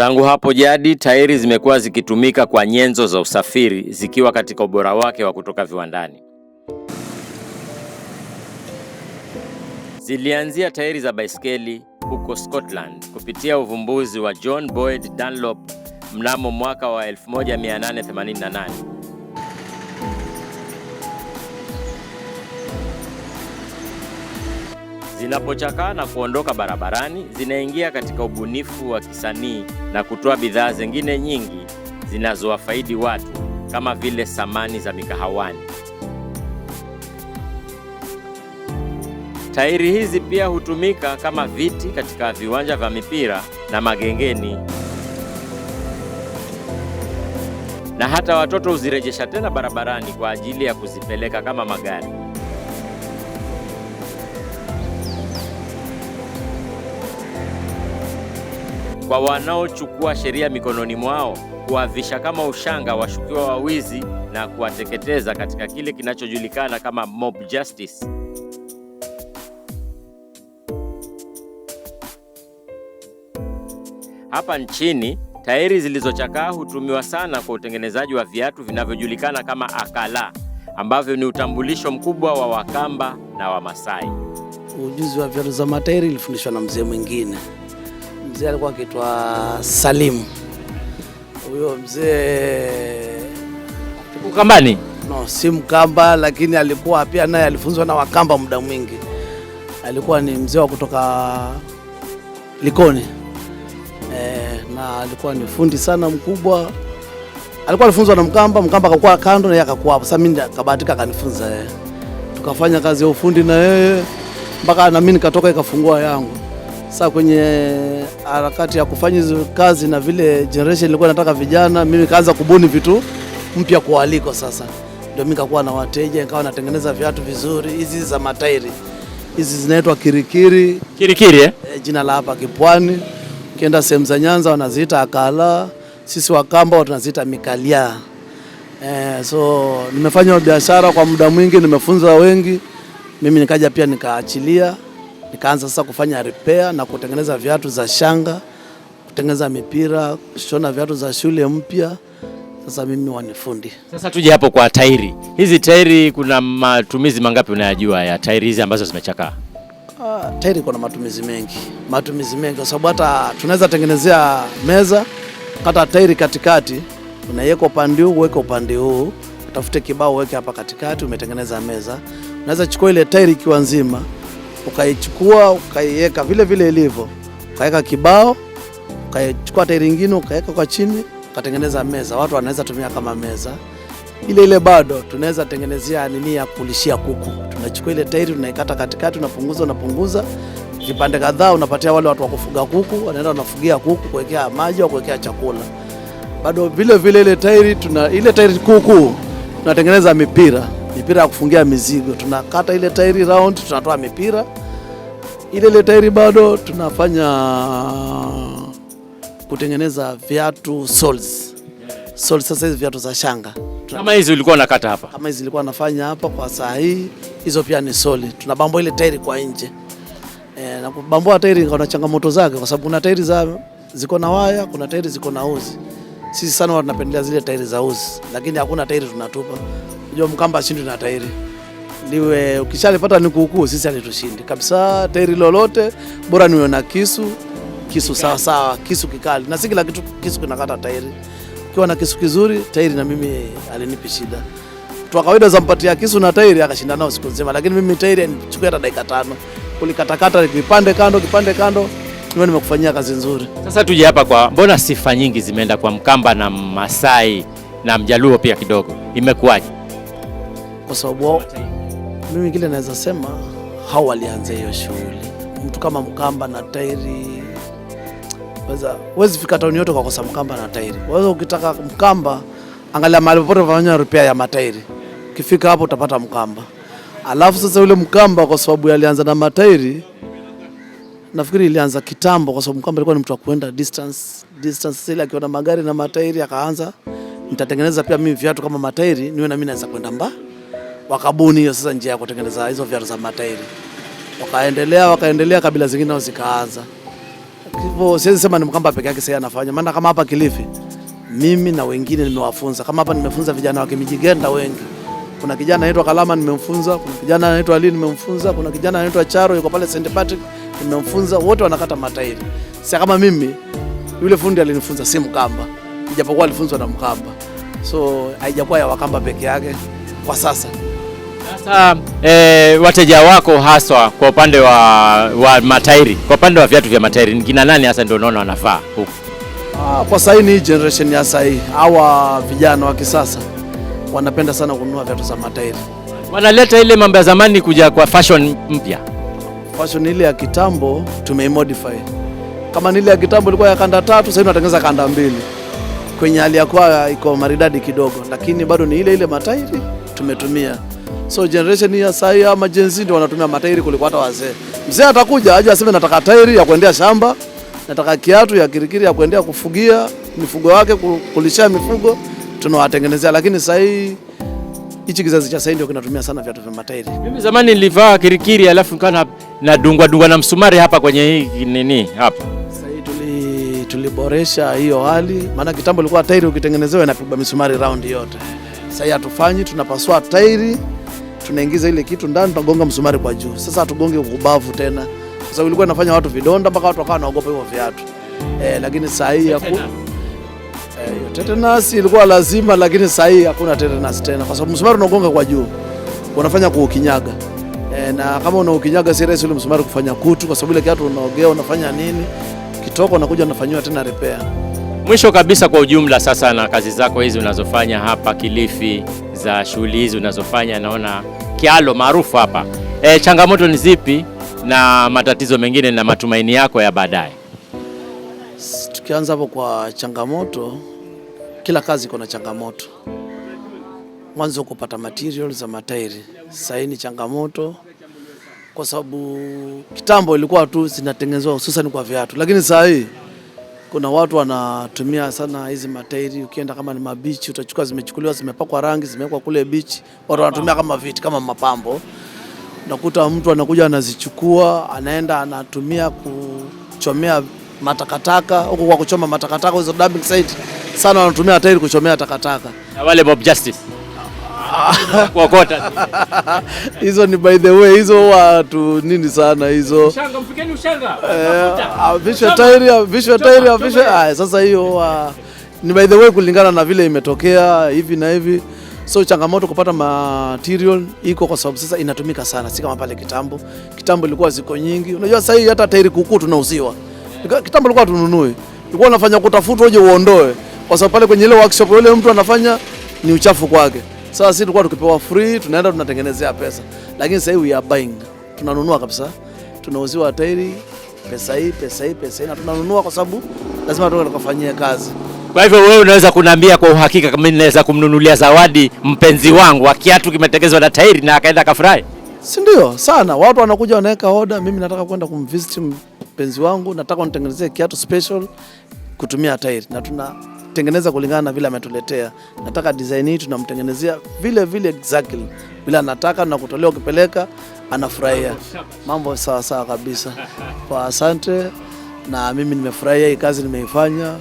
Tangu hapo jadi tairi zimekuwa zikitumika kwa nyenzo za usafiri zikiwa katika ubora wake wa kutoka viwandani. Zilianzia tairi za baiskeli huko Scotland kupitia uvumbuzi wa John Boyd Dunlop mnamo mwaka wa 1888. Zinapochakaa na kuondoka barabarani, zinaingia katika ubunifu wa kisanii na kutoa bidhaa zingine nyingi zinazowafaidi watu kama vile samani za mikahawani. Tairi hizi pia hutumika kama viti katika viwanja vya mipira na magengeni, na hata watoto huzirejesha tena barabarani kwa ajili ya kuzipeleka kama magari. kwa wanaochukua sheria mikononi mwao, kuwavisha kama ushanga washukiwa wa wizi na kuwateketeza katika kile kinachojulikana kama mob justice. Hapa nchini tairi zilizochakaa hutumiwa sana kwa utengenezaji wa viatu vinavyojulikana kama akala ambavyo ni utambulisho mkubwa wa Wakamba na Wamasai. Ujuzi wa viatu za matairi ilifundishwa na mzee mwingine mzee alikuwa akitwa Salim. Huyo mzee Kambani? No, si Mkamba, lakini alikuwa pia naye alifunzwa na Wakamba muda mwingi. Alikuwa ni mzee wa kutoka Likoni e, na alikuwa ni fundi sana mkubwa. Alikuwa alifunzwa na Mkamba, Mkamba akakuwa kando na yeye akakuwa hapo. Sasa mimi kabahatika akanifunza yeye, tukafanya kazi ya ufundi na yeye mpaka na mimi nikatoka ikafungua yangu. Sasa kwenye harakati ya kufanya hizo kazi na vile generation ilikuwa nataka vijana, mimi kaanza kubuni vitu mpya kualiko. Sasa ndio mimi kakuwa na wateja, nikawa natengeneza viatu vizuri, hizi za matairi hizi zinaitwa kirikiri. Kirikiri eh? E, jina la hapa Kipwani. Ukienda sehemu za Nyanza wanaziita akala, sisi Wakamba tunaziita mikalia. E, so nimefanya biashara kwa muda mwingi, nimefunza wengi, mimi nikaja pia nikaachilia nikaanza sasa kufanya repair na kutengeneza viatu za shanga, kutengeneza mipira, kushona viatu za shule mpya. Sasa mimi wanifundi. Sasa tuje hapo kwa tairi hizi, tairi kuna matumizi mangapi unayajua ya tairi hizi ambazo zimechakaa? Uh, tairi kuna matumizi mengi, matumizi mengi kwa sababu hata tunaweza tengenezea meza, kata tairi katikati, unaiweka upande huu, uweke upande huu, utafute kibao, uweke hapa katikati, umetengeneza meza. Unaweza chukua ile tairi ikiwa nzima ukaichukua ukaiweka vile vile ilivyo, ukaweka kibao, ukaichukua tairi nyingine ukaweka kwa chini, ukatengeneza meza, watu wanaweza tumia kama meza ile ile. Bado tunaweza tengenezea nini ya kulishia kuku. Tunachukua ile tairi tunaikata katikati, unapunguza unapunguza vipande kadhaa, unapatia wale watu wa kufuga kuku, wanaenda wanafugia kuku, kuwekea maji au kuwekea chakula. Bado vile vile ile tairi tuna ile tairi kuku tunatengeneza mipira mipira ya kufungia mizigo, tunakata ile tairi round, tunatoa mipira ile ile tairi bado tunafanya kutengeneza viatu soles. Soles sasa hizi viatu za shanga kama hizi ulikuwa unakata hapa, kama hizi ulikuwa nafanya hapa, kwa saa hii hizo pia ni soli Tunabambua ile tairi kwa nje e, na kubambua tairi kuna changamoto zake, kwa sababu kuna tairi za ziko na waya, kuna tairi ziko na uzi. Sisi sana huwa tunapendelea zile tairi za uzi, lakini hakuna tairi tunatupa. Unajua Mkamba shindu na tairi liwe ukishalipata ni kuukuu, sisi alitushindi kabisa tairi lolote, bora niwe na kisu. Kisu sawa sawa, kisu kikali, na si kila kitu kisu kinakata tairi. Ukiwa na kisu kizuri, tairi na mimi alinipi shida. Mtu wa kawaida zampatia kisu na tairi akashinda nao siku nzima, lakini mimi tairi nichukua hata dakika tano kulikatakata, kipande kando, kipande kando ndio nimekufanyia kazi nzuri. Sasa tuje hapa kwa, mbona sifa nyingi zimeenda kwa Mkamba na Masai na Mjaluo pia kidogo, imekuwaje? Kwa sababu mimi kile naweza sema hao walianza hiyo shughuli. Mtu kama Mkamba na tairi weza wezi fika tauni yote kwa kosa Mkamba na tairi. Waweza ukitaka Mkamba, angalia mahali popote fanya rupia ya matairi, ukifika hapo utapata Mkamba. Alafu sasa yule Mkamba kwa sababu alianza na matairi nafikiri ilianza kitambo, kwa sababu kwamba alikuwa ni mtu wa kuenda distance distance ile, akiona magari na matairi akaanza, nitatengeneza pia mimi viatu kama matairi, niwe na mimi naweza kwenda mba. Wakabuni hiyo sasa njia ya kutengeneza hizo viatu za matairi, wakaendelea wakaendelea, kabila zingine nazo zikaanza hivyo. Siwezi sema ni Mkamba peke yake sasa anafanya, maana kama hapa Kilifi mimi na wengine nimewafunza, kama hapa nimefunza vijana wa Kimijigenda wengi kuna kijana anaitwa Kalama nimemfunza, kuna kijana anaitwa Ali nimemfunza, kuna kijana anaitwa Charo yuko pale St Patrick nimemfunza, wote wanakata matairi. Sasa kama mimi, yule fundi alinifunza si Mkamba, ijapokuwa alifunzwa na Mkamba, so haijakuwa ya Wakamba peke yake kwa sasa. Sasa e, wateja wako haswa kwa upande wa, wa matairi, kwa upande wa viatu vya matairi ni kina nani hasa ndio unaona wanafaa huku? Ah, kwa sasa hii ni generation ya sasa hii, hawa vijana wa kisasa wanapenda sana kununua viatu za matairi. Wanaleta ile mambo ya zamani kuja kwa fashion mpya. Fashion ile ya kitambo tumeimodify. Kama ile ya kitambo ilikuwa ya kanda tatu, sasa tunatengeneza kanda mbili kwenye hali ya kuwa iko maridadi kidogo, lakini bado ni ile ile matairi tumetumia. So generation ya sasa ama Gen Z ndio wanatumia matairi kuliko hata wazee. Mzee atakuja aje aseme nataka tairi ya kuendea shamba, nataka kiatu ya kirikiri ya kuendea kufugia mifugo wake, kulishia mifugo tunawatengenezea, lakini sasa hii hichi kizazi cha sasa ndio kinatumia sana viatu vya matairi. Mimi zamani nilivaa kirikiri, alafu kana na dungwa dungwa na msumari hapa kwenye hii nini hapa. Sasa hii tuli tuliboresha hiyo hali, maana kitambo ilikuwa tairi ukitengenezewa inapigwa misumari round yote. Sasa hii hatufanyi, tunapasua tairi, tunaingiza ile kitu ndani, tunagonga msumari kwa juu. Sasa hatugonge ubavu tena, kwa sababu ilikuwa inafanya watu vidonda mpaka watu wakawa wanaogopa hiyo viatu eh, lakini sasa hii Eh, tetenasi ilikuwa lazima, lakini sasa hii hakuna tetenasi tena, kwa sababu msumari unagonga kwa juu, unafanya kuukinyaga e, eh, na kama unaukinyaga si rahisi ule msumari kufanya kutu, kwa sababu ile kiatu unaogea unafanya nini, kitoko unakuja unafanyiwa tena repair. Mwisho kabisa, kwa ujumla sasa, na kazi zako hizi unazofanya hapa Kilifi, za shughuli hizi unazofanya, naona kialo maarufu hapa e, changamoto ni zipi na matatizo mengine na matumaini yako ya baadaye? Tukianza hapo kwa changamoto kila kazi kuna changamoto, mwanzo kupata materials za matairi, saini changamoto kwa sababu kitambo ilikuwa tu zinatengenezwa hususan kwa viatu, lakini saa hii kuna watu wanatumia sana hizi matairi. Ukienda kama ni mabichi, utachukua zimechukuliwa, zimepakwa rangi, zimewekwa kule bichi, watu wanatumia kama viti, kama mapambo. Nakuta mtu anakuja anazichukua, anaenda anatumia kuchomea matakataka huko, kwa kuchoma matakataka hizo dumping site sana wanatumia matairi kuchomea takataka. Na wale Bob Justice kuokota hizo ni by the way, hizo watu nini sana hizo vishwe tairi vishwe tairi vishwe. Sasa hiyo ni by the way, kulingana na vile imetokea hivi na hivi so changamoto kupata material iko kwa sababu sasa inatumika sana, si kama pale kitambo. Kitambo ilikuwa ziko nyingi, unajua sasa hii hata tairi kuku tunauziwa. Kitambo ilikuwa tununui, ilikuwa unafanya kutafuta uje uondoe kwa sababu pale kwenye ile workshop yule mtu anafanya ni uchafu kwake. Sasa sisi tulikuwa tukipewa free, tunaenda tunatengenezea pesa, lakini sasa hivi we are buying, tunanunua kabisa, tunauziwa tairi pesa hii pesa hii pesa hii, na tunanunua kwa sababu lazima tuwe tukafanyia kazi. Kwa hivyo wewe unaweza kuniambia kwa uhakika kama ninaweza kumnunulia zawadi mpenzi wangu wa kiatu kimetengenezwa na tairi na akaenda akafurahi? Si ndio? Sana watu wanakuja wanaweka oda, mimi nataka kwenda kumvisit mpenzi wangu, nataka nitengenezee kiatu special kutumia tairi na tuna tengeneza kulingana na vile ametuletea. Nataka design hii, tunamtengenezea vile vile exactly vile anataka na kutolewa, ukipeleka anafurahia mambo sawa sawa kabisa. Kwa asante, na mimi nimefurahia hii kazi, nimeifanya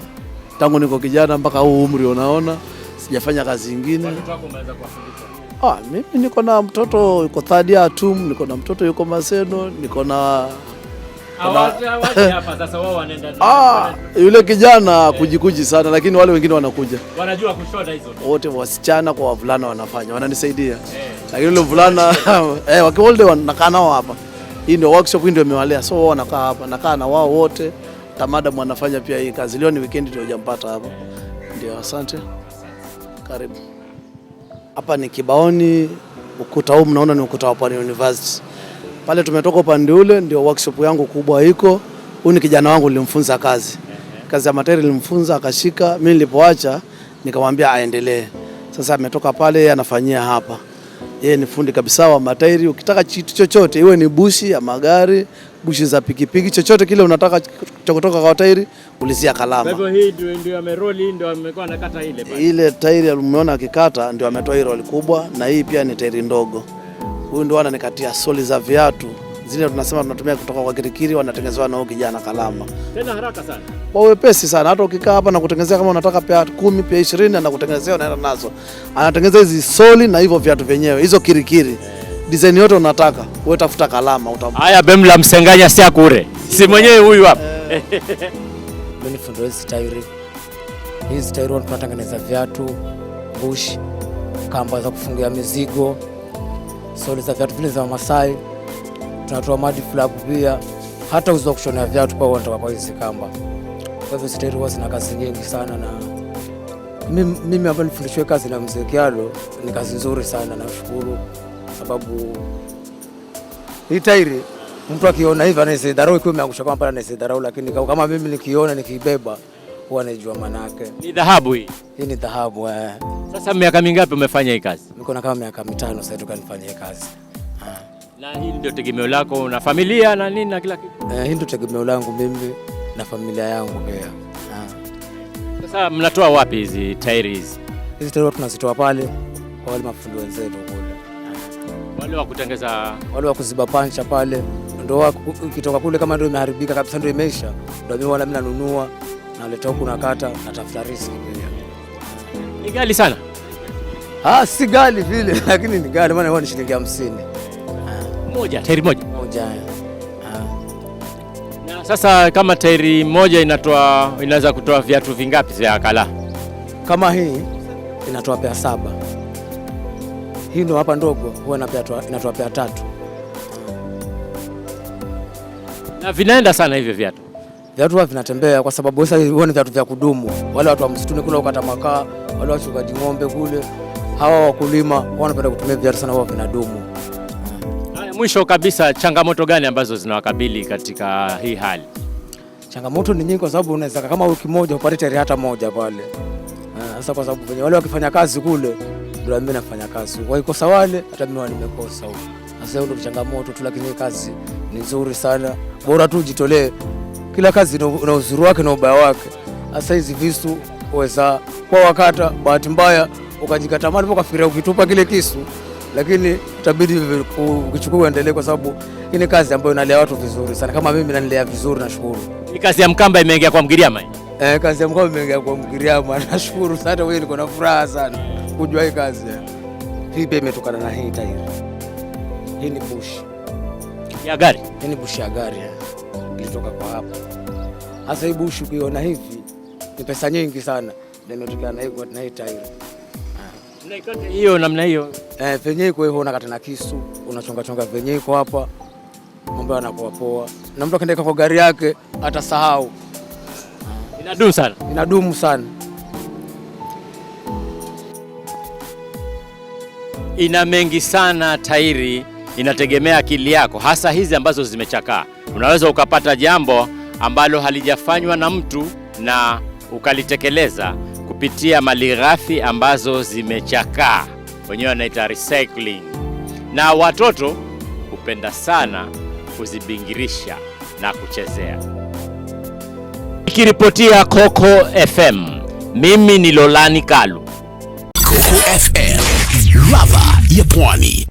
tangu niko kijana mpaka huu umri, unaona sijafanya kazi nyingine. Ah, mimi niko na mtoto yuko third year tu, niko na mtoto yuko Maseno, niko na Ah, yule kijana kujikuji sana lakini wale wengine wanakuja. Wanajua kushoda hizo. Wote wasichana kwa wavulana wanafanya, wananisaidia. Eh. Lakini yule mvulana eh, wakiolde nakaa nao hapa. Hii ndio workshop, hii ndio imewalea. So wao wanakaa hapa, nakaa na wao wote. Tamada mwanafanya pia hii kazi. Leo ni weekend ndio hujampata hapa. Ndio, asante. Karibu. Hapa ni Kibaoni, ukuta huu mnaona ni ukuta wa Pwani University pale tumetoka upande ule, ndio workshop yangu kubwa iko huyu. Kijana wangu nilimfunza kazi kazi ya materi, nilimfunza akashika. Mimi nilipoacha nikamwambia aendelee. Sasa ametoka pale, anafanyia hapa, yeye ni fundi kabisa wa matairi. Ukitaka kitu chochote, iwe ni bushi ya magari, bushi za pikipiki, chochote kile unataka cha kutoka kwa tairi, ulizia Kalama. hii ndio ndio amekuwa anakata ile pale. Ile tairi umeona akikata, ndio ametoa hii roli kubwa, na hii pia ni tairi ndogo. Huyu ndo ananikatia soli za viatu zile tunasema tunatumia kutoka kwa kirikiri, wanatengenezewa nao kijana kalama, tena haraka sana, kwa wepesi sana. Hata ukikaa hapa na kutengenezea kama unataka pia kumi pia ishirini anakutengenezea, unaenda nazo, anatengeneza hizi soli na hivyo viatu vyenyewe, hizo kirikiri design yote unataka wewe, tafuta kalama utapata. Haya, bemla msenganya si akure si mwenyewe huyu hapa eh. mimi tairi hizi tairi tunatengeneza viatu, bush, kamba za kufungia mizigo soli za viatu vile za masai tunatoa madi flag pia, hata uzo kushonea viatu pao wanatoka kwa hizi kamba. Kwa hivyo sitiri huwa zina kazi nyingi sana, na mimi ambayo nifundishwe kazi na mzee Kialo ni kazi nzuri sana, nashukuru sababu hii tairi mtu akiona hivi anaweza dharau, ikiwa imeangusha kwamba anaweza dharau, lakini kama mimi nikiona nikibeba huwa najua manake. Ni dhahabu hii. Hii ni dhahabu eh. Sasa miaka mingapi umefanya hii kazi? Niko na kama miaka mitano sasa toka nifanye hii kazi. Ha. Ah. Na hii ndio tegemeo lako na familia na nini na kila kitu? Eh, hii ndio tegemeo langu mimi na familia yangu pia. Ha. Ah. Sasa mnatoa wapi hizi tairi hizi? Hizi tairi tunazitoa pale kwa wale mafundi wenzetu kule. Wale wa kutengeza, wale wa kuziba pancha pale ndio ukitoka kule kama ndio imeharibika kabisa ndio imeisha ndio mimi wala mimi nanunua naleta huku na kata, natafuta riziki ni gali sana. Ah, si gali vile lakini ni gali, maana ni shilingi 50. Moja, tairi moja. Moja. Na sasa kama tairi moja inatoa inaweza kutoa viatu vingapi vya kala? Kama hii inatoa pea saba. Hii ndo hapa ndogo huwa inatoa pea tatu. Na vinaenda sana hivyo viatu viatu vinatembea kwa sababu sasa hivi ni viatu vya kudumu. Wale watu wa msituni kule ukata makaa, wale wachungaji ng'ombe kule, hawa wakulima wanapenda kutumia viatu sana, wao vinadumu. Mwisho kabisa, changamoto gani ambazo zinawakabili katika hii hali? Changamoto ni nyingi, kwa sababu unaweza kama wiki moja upate teri hata moja pale. Ah, sasa kwa sababu wale wakifanya kazi kule, ndio mimi nafanya kazi, waikosa wale, hata mimi nimekosa huko. Sasa ndio changamoto tu, lakini kazi ni nzuri sana, bora tu jitolee. Kila kazi na uzuri wake na ubaya wake. Hasa hizi visu weza kwa wakata, bahati mbaya ukajikatamani mali ukafikiria ukitupa kile kisu, lakini itabidi ukichukua uendelee, kwa sababu hii ni kazi ambayo inalea watu vizuri sana. Kama mimi nanilea vizuri, nashukuru. Ni kazi ya mkamba imeingia kwa Mgiriama. Eh, kazi ya mkamba imeingia kwa Mgiriama. Nashukuru sana wewe, niko na furaha sana kujua hii kazi. Hii pia imetokana na hii tairi. Hii ni bushi ya gari. Hii ni bushi ya gari. ya nilitoka kwa hapo. hii hebu ukiona hivi ni pesa nyingi sana ndio imetokea na hiyo na tairi. hiyo namna hiyo. Eh, venyewe kwa hiyo unakata na kisu, unachonga chonga venyewe kwa hapa. Mambo yanakuwa poa. Na mtu akaenda kwa gari yake atasahau. Inadumu sana. Inadumu sana. Ina mengi sana tairi, inategemea akili yako, hasa hizi ambazo zimechakaa. Unaweza ukapata jambo ambalo halijafanywa na mtu na ukalitekeleza kupitia malighafi ambazo zimechakaa, wenyewe wanaita recycling, na watoto hupenda sana kuzibingirisha na kuchezea. Nikiripotia Coco FM, mimi ni Lolani Kalu, Coco FM, ladha ya Pwani.